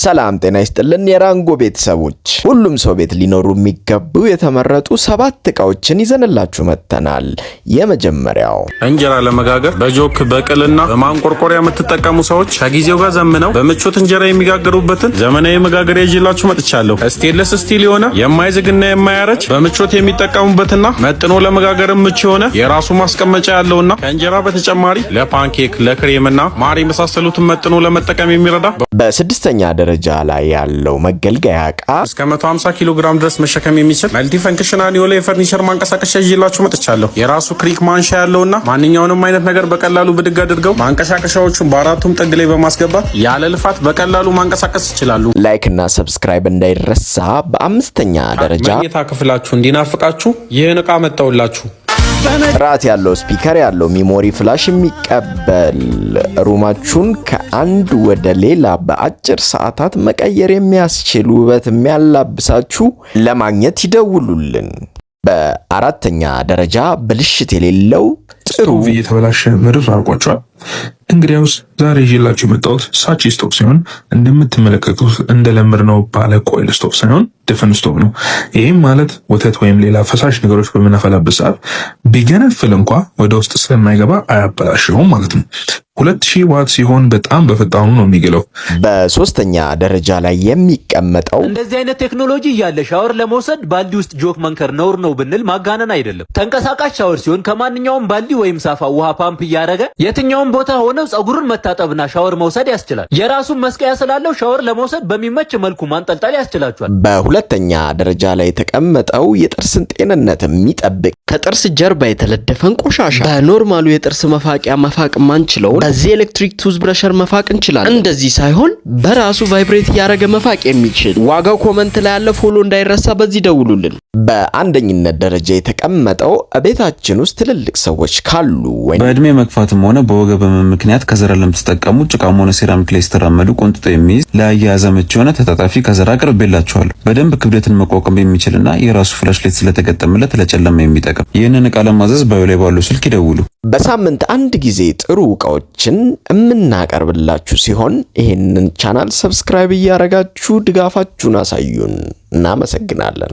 ሰላም ጤና ይስጥልን የራንጎ ቤተሰቦች፣ ሁሉም ሰው ቤት ሊኖሩ የሚገቡ የተመረጡ ሰባት እቃዎችን ይዘንላችሁ መጥተናል። የመጀመሪያው እንጀራ ለመጋገር በጆክ በቅልና በማንቆርቆሪያ የምትጠቀሙ ሰዎች ከጊዜው ጋር ዘምነው በምቾት እንጀራ የሚጋገሩበትን ዘመናዊ መጋገሪያ ይዤላችሁ መጥቻለሁ። ስቴንለስ ስቲል የሆነ የማይዝግና የማያረጅ በምቾት የሚጠቀሙበትና መጥኖ ለመጋገር ምቹ የሆነ የራሱ ማስቀመጫ ያለውና ከእንጀራ በተጨማሪ ለፓንኬክ ለክሬምና ማር የመሳሰሉትን መጥኖ ለመጠቀም የሚረዳ በስድስተኛ ደረጃ ላይ ያለው መገልገያ እቃ እስከ 150 ኪሎ ግራም ድረስ መሸከም የሚችል መልቲ ፈንክሽናል የሆነ የፈርኒቸር ማንቀሳቀሻ ይዤላችሁ መጥቻለሁ። የራሱ ክሪክ ማንሻ ያለውና ማንኛውንም አይነት ነገር በቀላሉ ብድግ አድርገው ማንቀሳቀሻዎቹን በአራቱም ጥግ ላይ በማስገባት ያለ ልፋት በቀላሉ ማንቀሳቀስ ይችላሉ። ላይክ እና ሰብስክራይብ እንዳይረሳ። በአምስተኛ ደረጃ መኝታ ክፍላችሁ እንዲናፍቃችሁ ይህን እቃ መጣውላችሁ። ጥራት ያለው ስፒከር ያለው ሚሞሪ ፍላሽ የሚቀበል ሩማችሁን ከአንድ ወደ ሌላ በአጭር ሰዓታት መቀየር የሚያስችል ውበት የሚያላብሳችሁ ለማግኘት ይደውሉልን። በአራተኛ ደረጃ ብልሽት የሌለው ጥሩ የተበላሸ ምድር አርቋቸዋል። እንግዲያውስ ዛሬ ይዤላችሁ የመጣሁት ሳቺ ስቶቭ ሲሆን እንደምትመለከቱት እንደለምድ ነው ባለ ኮይል ስቶቭ ሳይሆን ድፍን ስቶቭ ነው። ይህም ማለት ወተት ወይም ሌላ ፈሳሽ ነገሮች በምናፈላበት ሰዓት ቢገነፍል እንኳ ወደ ውስጥ ስለማይገባ አያበላሽውም ማለት ነው። ሁለት ሺህ ዋት ሲሆን በጣም በፈጣኑ ነው የሚገለው። በሶስተኛ ደረጃ ላይ የሚቀመጠው እንደዚህ አይነት ቴክኖሎጂ እያለ ሻወር ለመውሰድ ባልዲ ውስጥ ጆክ መንከር ነውር ነው ብንል ማጋነን አይደለም። ተንቀሳቃሽ ሻወር ሲሆን ከማንኛውም ባልዲ ወይም ሳፋ ውሃ ፓምፕ እያደረገ የትኛውም ቦታ ሆነው ጸጉሩን መታጠብና ሻወር መውሰድ ያስችላል። የራሱን መስቀያ ስላለው ሻወር ለመውሰድ በሚመች መልኩ ማንጠልጠል ያስችላቸዋል። በሁለተኛ ደረጃ ላይ የተቀመጠው የጥርስን ጤንነት የሚጠብቅ ከጥርስ ጀርባ የተለደፈን ቆሻሻ በኖርማሉ የጥርስ መፋቂያ መፋቅ ማንችለውን በዚህ ኤሌክትሪክ ቱዝ ብረሸር መፋቅ እንችላለን። እንደዚህ ሳይሆን በራሱ ቫይብሬት እያደረገ መፋቅ የሚችል ዋጋው ኮመንት ላይ ያለ ፎሎ እንዳይረሳ በዚህ ደውሉልን። በአንደኝነት ደረጃ የተቀመጠው ቤታችን ውስጥ ትልልቅ ሰዎች ካሉ ወይ በእድሜ መግፋትም ሆነ በወገብ ምክንያት ከዘራ ለምትጠቀሙ ጭቃም ሆነ ሴራሚክ ላይ ስትራመዱ ቆንጥጦ የሚይዝ ለአያያዝ ምቹ የሆነ ተጣጣፊ ከዘራ አቅርቤላችኋለሁ። በደንብ ክብደትን መቋቋም የሚችልና የራሱ ፍላሽ ላይት ስለተገጠመለት ለጨለማ የሚጠቅም ይህንን እቃ ለማዘዝ ባዩ ላይ ስልክ ይደውሉ። በሳምንት አንድ ጊዜ ጥሩ እቃዎችን የምናቀርብላችሁ ሲሆን ይህንን ቻናል ሰብስክራይብ እያረጋችሁ ድጋፋችሁን አሳዩን። እናመሰግናለን።